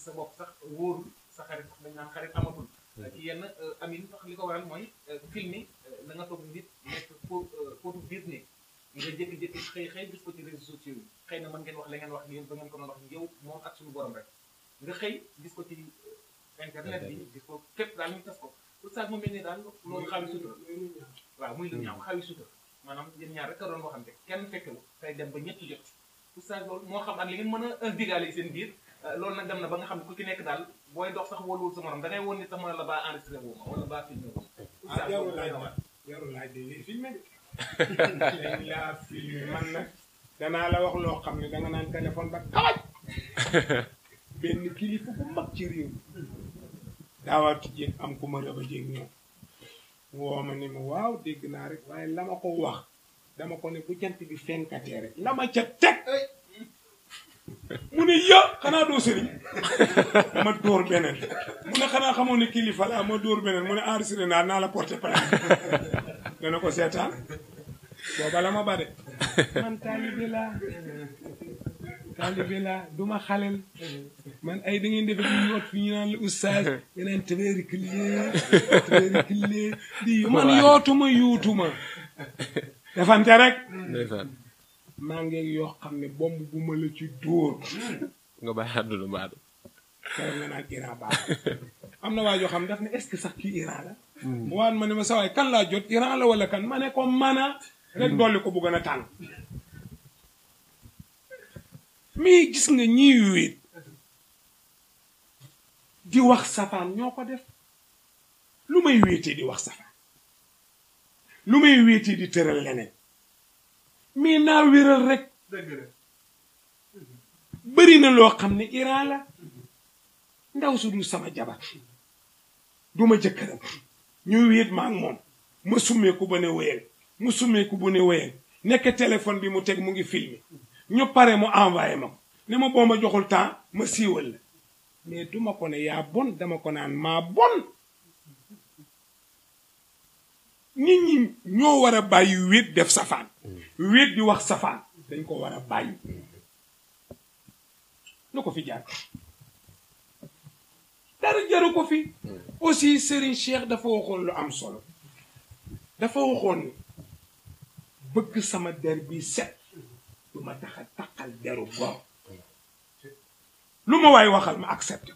sa bopp sax wóorul sa xarit wax dañ naan xarit amatul. Mm-hmm. yenn euh, amin wax li ko waral mooy film yi la nga toog nit nekk pour euh, pour biir ne nga jékki-jékki xëy xëy gis ko ci réseaux sociaux yi xëy na man ngeen wax la ngeen wax yéen ba ko mën wax yow moom ak suñu borom rek xëy gis ko ci euh, internet bi gis ko képp daal ñu tas ko oustaz mu mel ni daal loolu xawi sutura waaw muy lu ñaaw mm-hmm. xawi sutura maanaam yéen ñaar rek a doon waxante kenn fekk la dem ba ñetti jot oustaz loolu moo xam ak li ngeen mën a digaale seen biir Euh, loolu nag dem na ba nga xam ne ku ci nekk daal booy dox sax wóoluwul sa morom da ngay ni sax mën la baa enregistré wu ma wala baa ah, laa filmé man nag danaa la wax loo xam ne danga naan téléphone ba tawaj benn kilifa bu mag ci réew mi daawaati jéeg am ku ma rëb a jéeg ñoom woo ma ni ma waaw dégg naa rek waaye la ma ko wax dama ko ne bu jant bi fenkatee rek la ma ca teg mu ne ya xanaa doo sëriñ ma dóor beneen mu ne xanaa xamoon ne kilifa laa ma dóor beneen mu ne enregistré naa naa la porté plainte dana ko seetaan booba la ma ba de man taalibe laa taalibe laa du ma xalel man ay da ngeen defe di yoot fi ñu naan la oustaz yeneen tvéericlier tvéericlier di man yootuma yuutuma defante rek maa ngi yoo xam ne bomb bu ma la ci dóor. nga bàyyi àdduna baatu. am na waa yoo xam daf ne est-ce que sax kii Iran la. Hmm. mu ma ne ma sa waay kan laa jot Iran la wala kan ma ne ko mana rek hmm. dolli ko bu gën a tàng. gis nga ñii wéet di wax safaan ñoo ko def lu may wéetee di wax safaan lu may wéetee di tëral leneen. mais naa wéral rek bëri na loo xam ni Iran la ndaw su dul sama jabar du ma jëkkëram ñuy wéet ma ak moom ma summeeku ba ne wéyal mu summeeku bu ne wéyal nekk téléphone bi mu teg mu ngi filmé ñu pare mu envoyé ma ko ne ma boo joxul temps ma siiwal la mais duma ko ne yaa bon dama ko naan maa bon nit ñi ñoo war a bàyyi wéet def safaan mm. wéet di wax safaan dañ koo war a bàyyi lu ko fi jaar dara jaru ko fi mm. aussi Serigne Cheikh dafa waxoon lu am solo dafa waxoon ni bëgg sama der bi set du ma tax a deru góor lu ma waaye waxal ma accepté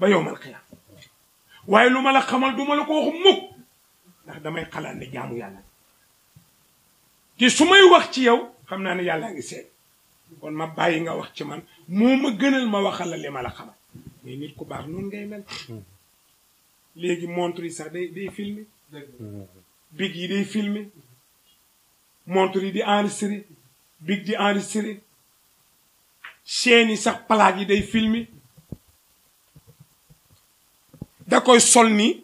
ba yowmal xiyaam waaye lu ma la xamal du ma la ko wax mukk ndax damay xalaat ne jaamu yàlla te su may wax ci yow xam naa ne yàlla ngi seet kon ma bàyyi nga wax ci man mu ma gënal ma waxal la li ma la xamal mais nit ku baax noonu ngay mel léegi montre yi sax day day big yi day filmer montre yi di enregistré big di enregistré chaîne yi sax palaat yi day filmer da koy sol nii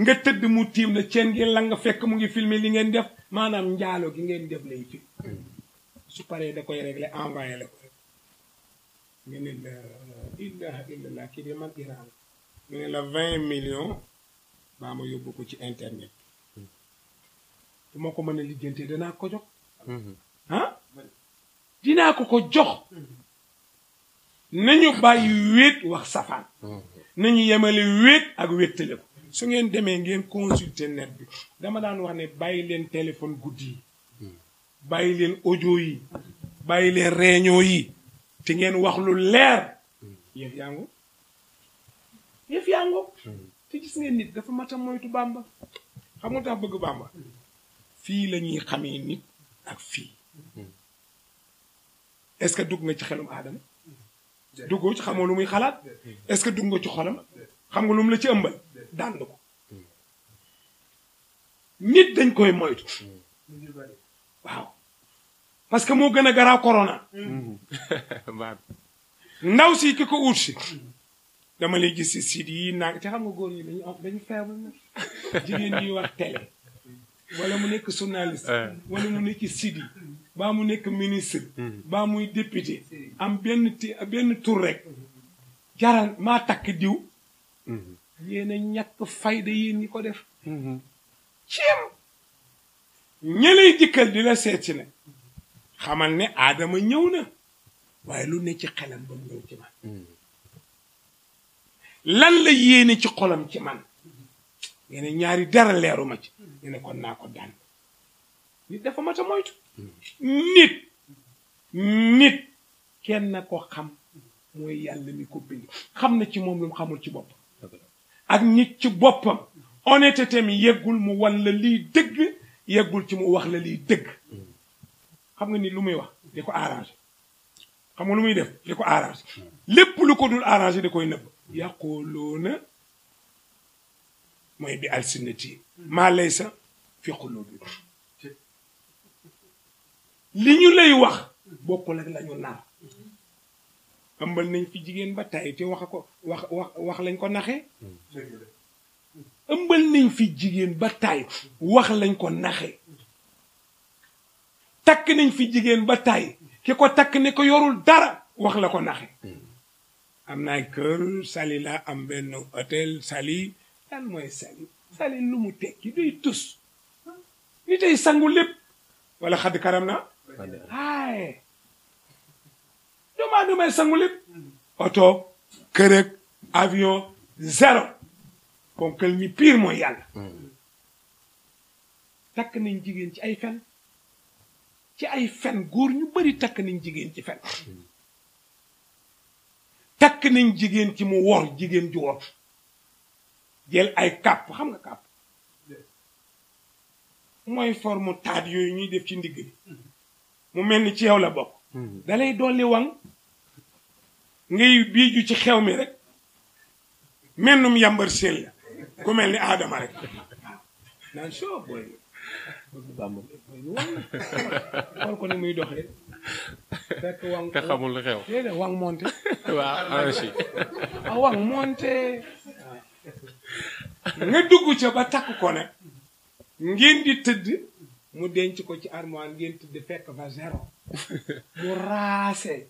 nga tëdd mu tiim la ceen gi la nga fekk mu ngi filmer li ngeen def maanaam njaaloo gi ngeen def lay fi su paree da koy réglé envoyé la ko rek nga ne la ilaha kii de man iran nga ne la vingt millions baa ma yóbbu ko ci internet bu ko mën a lijjantee danaa ko jox dinaa ko ko jox nañu bàyyi wéet wax safaan mm-hmm. nañu yemale wéet ak wéttale ko su ngeen demee ngeen consulter net bi dama daan wax ne bàyyi leen téléphone guddi yi bàyyi leen ojo yi bàyyi leen réunion yi te ngeen wax lu leer yëf yàngu ngo yëf yaa ngo gis ngeen nit dafa matam moytu bàmba xam nga tax bëgg bàmba fii la ñuy xamee nit ak fii est-ce que dugg nga ci xelum aadama duggoo ci xamoo lu muy xalaat est-ce que dugg nga ci xolam xam nga lu mu la ci ëmbal daan na ko nit dañ koy moytu waaw parce que moo gën a garaaw corona ndaw si ki ko si dama lay gis si site yi naag te xam nga góor ñi dañu dañu faible na jigéen ñi wax télé wala mu nekk journaliste ah. wala mu nekk site yi baa mu nekk ministre mm-hmm. baa muy député am benn ti benn maa takk diw mm-hmm. yéen a ñàkk fayda yéen ñi ko def mm-hmm. ceem ña lay dikkal di la seet si ne xamal ne aadama ñëw na waaye lu ne ci xelam ba mu ci man mm-hmm. lan la yéene ci xolam ci man nee ñaari dara leeru ma ci nee kon naa ko daan nit dafa mat a moytu mm-hmm. nit nit kenn ko xam mooy yàlla mi ko bind xam na ci moom lu mu xamul ci bopp ak nit ci boppam honnêteté mi yeggul mu wan la lii dëgg yeggul ci mu wax la lii dëgg xam nga ni lu muy wax di ko arrangé xam nga lu muy def di ko arrangé lépp lu ko dul arrangé da koy nëbb yàqooloona mooy bi alsinati maa lay sa fi qulubi li ñu lay wax bokkul ak la ñu naar ëmbal nañ fi jigéen ba tay te wax ko wax lañ ko naxee hmm. ëmbal nañ fi jigéen ba tay wax lañ ko naxee takk nañ fi jigéen ba tay ki ko takk ne ko yorul dara wax la ko naxe hmm. am naa kër sali la am benn hôtel sali lan mooy sali sali lu mu tekki duy tus ni tey sangu lépp wala xadd karam na ay doomu aadama yi sangu oto kër ak avion zéro ponkal ñi pire mooy yàlla takk nañ jigéen ci ay fen ci ay fen góor ñu bari takk nañ jigéen ci fen takk nañ jigéen ci mu wor jigéen ju wor jël ay kàpp xam nga kàpp mooy forme taat yooyu ñuy def ci ndigg bi mu mel ni ci yow la bokk dalay dolli waŋ ngay biiju ci xew mi rek mennum yàmbar sel la ku mel ni aadama rek naan soo booy ni muy doxee fekk waŋ te xamul lu xew déedéet waŋ monte waaw ah, ah waŋ monte nga dugg ca ba takk ko ngeen di tëdd mu denc ko ci armoire ngeen tëdd fekk fa zéro bu raasee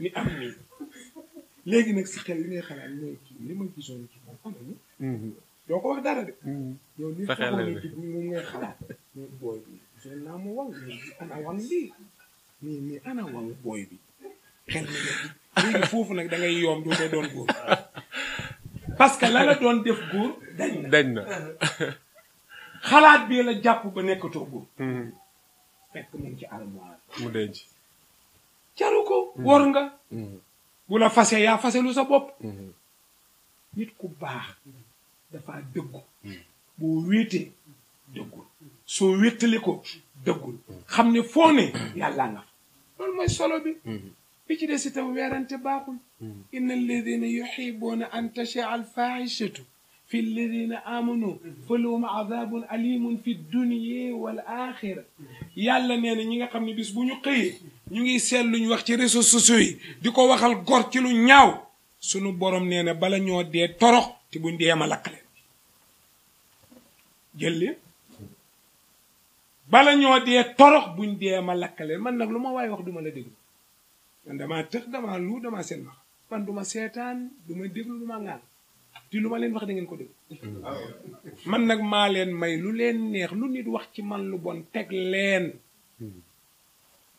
ni am nii léegi nag si xel li ngay xalaat mooy kii li ma gisoon ci moom xam nga mhm. doo mhm. booy bi gisoon naa mu wàll ana wàll bi mais mais ana wàll booy bi xel mi léegi foofu nag dangay ngay yoom doo koy doon góor. parce que la la doon def góor. dañ na xalaat bi la jàpp ba nekkatoo góor. Mhm. fekk mu ngi ko wor nga mm-hmm. bu la fase yaa faselu sa bopp mm-hmm. nit ku baax dafa dëggu mm-hmm. boo wéetee dëggul soo wéttali ko dëggul xam ne foo ne yàlla mooy solo bi bi ci des itam weerante baaxul inna alladina yuxibuuna an tachaa alfaxishatu في الذين آمنوا فلهم عذاب أليم في الدنيا والآخرة yàlla nee na ñi nga xam ne bis bu ñu xëyee ñu ngi seet lu ñu wax ci réseaux sociaux di ko waxal gor ci lu ñaaw sunu borom nee na bala ñoo dee torox te buñ dee ma lakk leen jël leen bala ñoo dee torox buñ dee ma lakk man nag lu ma waay wax du ma la déglu man damaa tëx damaa lu damaa seen wax man duma seetaan duma déglu duma ŋaan te lu ma leen wax da ngeen ko dégg man nag maa leen may lu leen neex lu nit wax ci man lu bon teg leen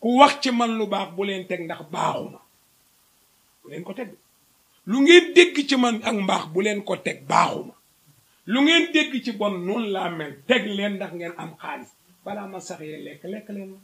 ku wax ci man lu baax bu leen teg ndax baaxuma bu leen lu ngeen dégg ci man ak mbaax bu leen ko teg baaxuma lu ngeen dégg ci bon noonu laa mel teg leen ndax ngeen am xaalis balaa ma sax yee lekk lekk leen ma